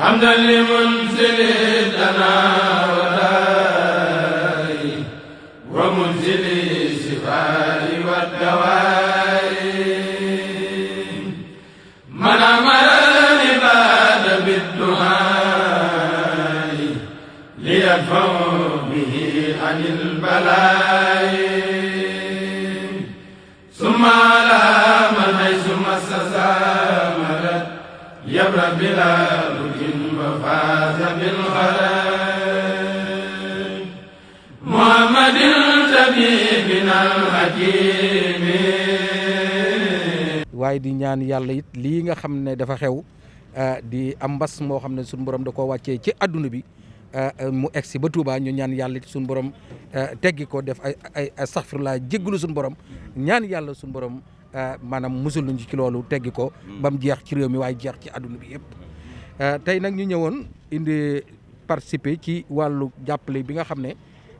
حمدا لمنزل لنا ولائي ومنزل الشفاء والدواء من امر العباد بالدعاء ليدفعوا به عن البلاء ثم على من حيث مسس مرت يبرأ بلا waaye di ñaan yàlla it lii nga xam ne dafa xew ah, di am mbas moo xam ne suñu borom da koo wàccee ci adduna bi ah, mu si ba Touba ñu ñaan yàlla it borom ah, teggi ko def ay ay astaghfirullah jéggalu suñu borom ñaan yàlla suñu borom maanaam musul nañu ci loolu teggi ko. Hmm. ba mu jeex ci réew mi waaye jeex ci adduna bi yëpp. tey nag ñu ñëwoon indi participer ci wàllu jàppale bi nga xam ne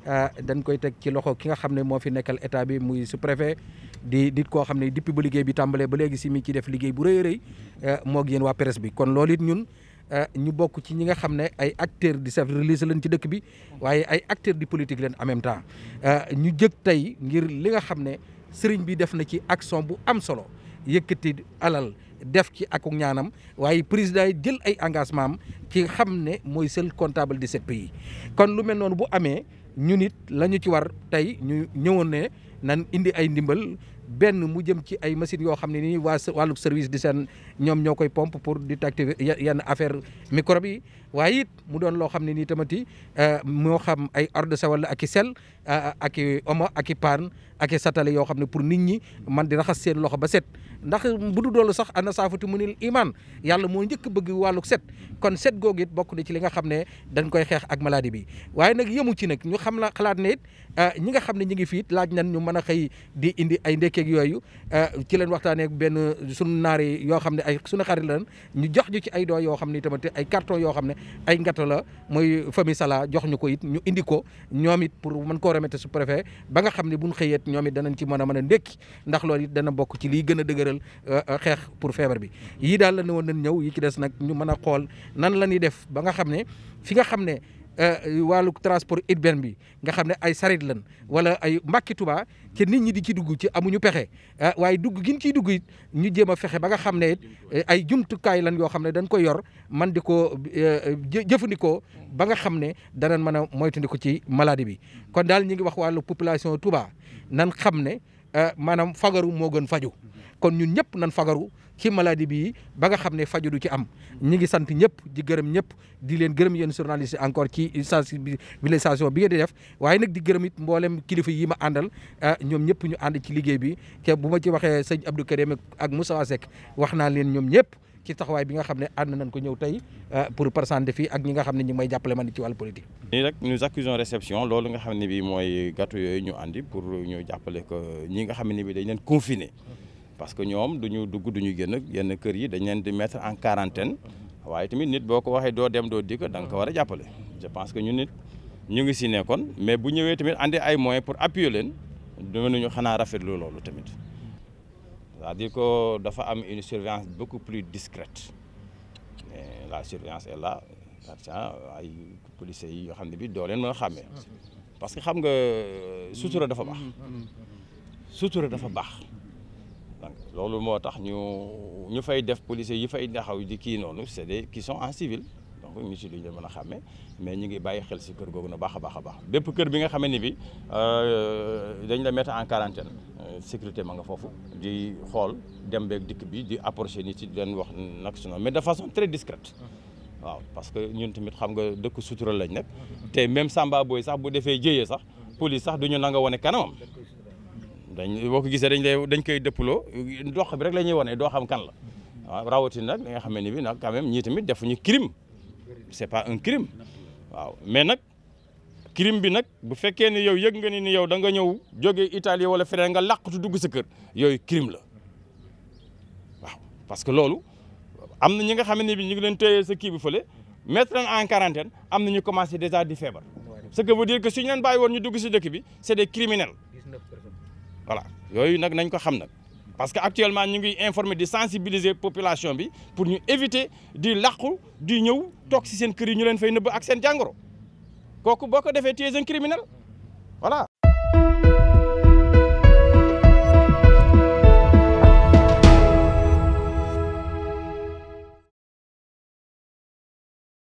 euh, dañ koy teg ci loxo ki nga xam ne moo fi nekkal état bi muy sous-préfet di nit koo xam ne depuis ba liggéey bi tàmbalee ba léegi si mi ci def liggéey bu rëy a moo euh, moog yéen waa presse bi kon loolu it ñun euh, ñu bokk ci ñi nga xam ne ay acteurs di chef religieux lañ ci dëkk bi waaye ay acteurs di politique leen en même temps ñu jëg tey ngir li nga xam ne sëriñ bi def na ci action bu am solo yëkkati alal. def ci akuk ñaanam waaye président yi jël ay engagement am ci xam ne mooy seul comptable di ce pays kon lu mel noonu bu amee ñun it la ñu ci war tey ñu ñëwoon ne nan indi ay ndimbal benn mu jëm ci ay machines yoo xam ne nii waa wàllu service di seen ñoom ñoo koy pompe pour détecter yenn affaire microbe yi waaye it mu doon loo xam ne nii tamati euh, moo xam ay ordre sa wala ak i sel ak i omo ak pan ak satale yo xamne pur pour nit ñi man di raxas seen loxo ba set ndax bu du sax ana safatu munil iman yalla mo njëkk bëgg wàlluk set kon set gogit bokku na ci li nga xamne dañ koy xex ak maladie bi waye nak yëmu ci nak ñu xam la xalaat ne it ñi nga xamne ñi ngi fiit laaj nañ ñu mëna xey di indi ay ak yoyu ci leen waxtaanee ben sunu naari yoo xam ne ay sunu xari lan ñu jox ju ci ay do yo xamne tamat ay carton yo xamne ay ngatta la mooy famille sala jox ñuko it ñu indi ko ñom it pour mën ko remettre su préfet ba xam ne buñ xëyeet ñoom it ci mën a mën a ndékki ndax loolu it dana bokk ci lii gën a dëgëral euh, euh, xeex pour feebar bi yii daal la woon nañ ñëw yi ci des nag ñu mën a xool nan la ñuy def ba nga xam ne fi nga xam ne Euh, wàllu transport urbain bi nga xam ne ay sarit lan wala ay mbàkki Tuba ci nit ñi di ci dugg ci amuñu pexe euh, waaye dugg gin ciy dugg it ñu jéem a fexe ba nga xam ne it euh, ay jumtukaay lan yoo xam ne dañ koy yor man di ko jëfandikoo ba nga xam ne danañ mën a ko ci maladie bi kon daal ñu ngi wax wàllu population Tuba nan xam ne Euh, maanaam fagaru moo gën faju kon ñun ñëpp nan fagaru ci maladie bi ba nga xam ne faju du ci am ñi ngi sant ñëpp di gërëm ñëpp di leen gërëm yéen journaliste encore ci sensibilisation bi ngeen di def waaye nag di gërëm it kilifa yi ma àndal euh, ñoom ñëpp ñu ànd ci liggéey bi te bu ma ci waxee sëñ Abdou Karim ak Moussa Seck wax naa leen ñoom ñëpp ci taxawaay bi nga xamné and nañ ko ñëw tey euh, pour présenter fi ak ñi nga xamné ñi may jappalé man ci wàllu politique. ni rek nous accusons réception loolu nga xamné bi moy gatu yoy ñu andi pour ñu jappalé ko ñi nga xamné bi dañ leen confiner parce que ñoom du ñu dugg du ñu yenn kër yi dañ leen di mettre en quarantaine waye tamit nit boko waxe do dem do dikk da nga ko war a je pense que ñu nit ñu ngi si nekkoon mais bu ñëwé tamit andi ay moyens pour appuyer leen dañu ñu xanaa rafetlu loolu tamit c'est-à-dire qu'il y a une surveillance beaucoup plus discrète la surveillance est là les policiers ne bi pas leen parce que vous euh, savez, sutura dafa baax sutura dafa baax donc loolu moo tax ñu ñu fay def policiers yi fay nous des qui sont en civil donc ñu ngi si lu ñu a xàmme mais ñu ngi bàyyi xel si kër googu na baax a baax baax bépp kër bi nga xamee ni bi euh, dañ la mettre en quarantaine euh, sécurité ma nga foofu di xool dem beeg dikk bi di approché nit ci leen wax nag su mais de façon très discrète waaw parce que ñun tamit xam nga dëkk sutura lañ nekk te même Samba booy sax bu defee jëyee sax police sax duñu nanga wane kanamam dañ boo ko gisee dañ lay dañ koy dëppaloo dox bi rek la ñuy wane doo xam kan la waaw rawatina nag li nga xam ne bi nag quand même ñii tamit defuñu crime c'est pas un crime waaw mais nak crime bi nak bu fekké ni yow yegg nga ni yow da nga ñëw joggé Italie wala frère nga laq tu dugg sa kër yoy crime la waaw parce que lolu amna ñi nga xamné ne bi ñu ngi leen téyé sa kii bi fële mettre en quarantaine amna ñu commencé déjà di fièvre ce que veut dire que si ñu leen bàyyi ñu dugg ci dëkk bi c'est des criminels voilà yoy nak nañ ko xam nak parce qu'actuellement, nous sommes informés informer sensibiliser la population pour éviter de faire du ñëw toxiciens qui seen kër yi ñu leen fay ak un criminel voilà